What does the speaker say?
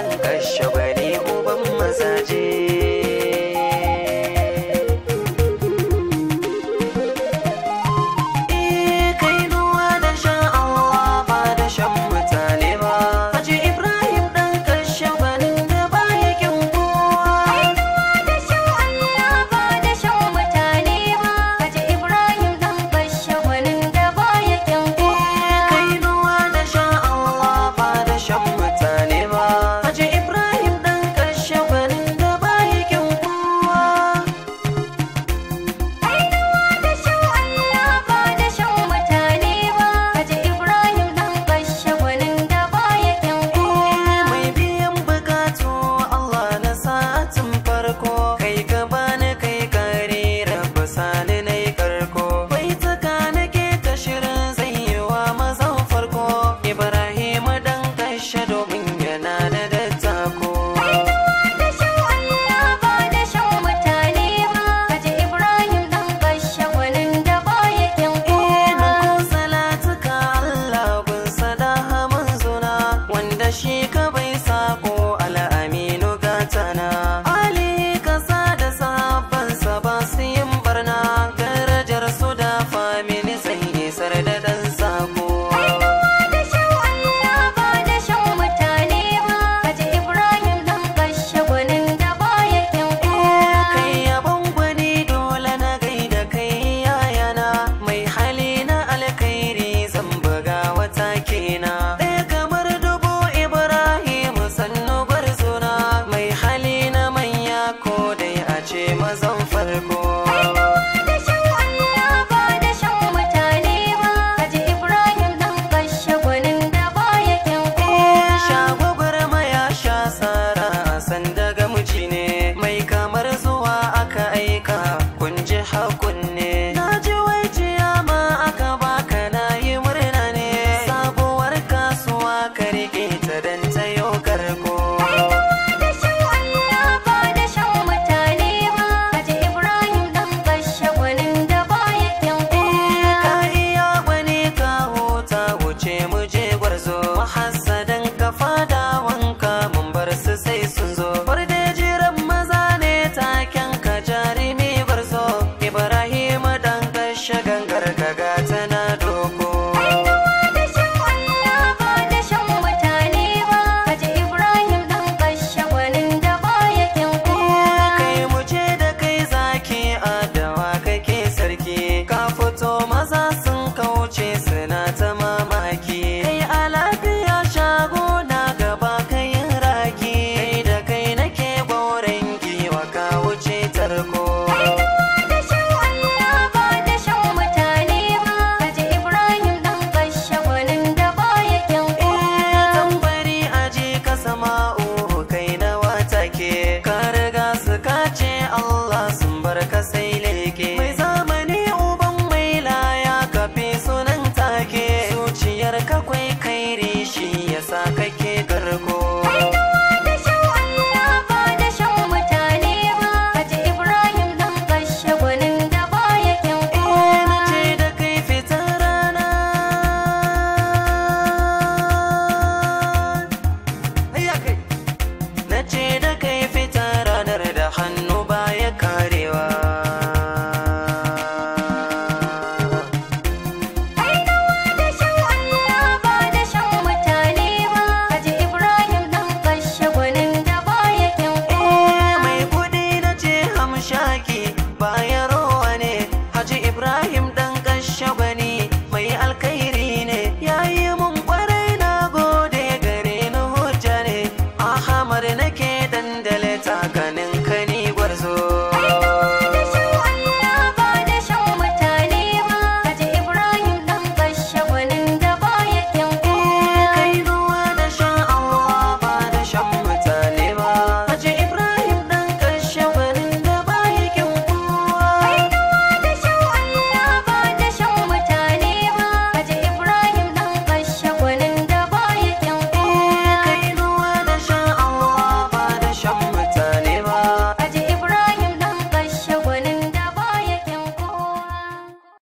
alkashe bane uban mazaje shekara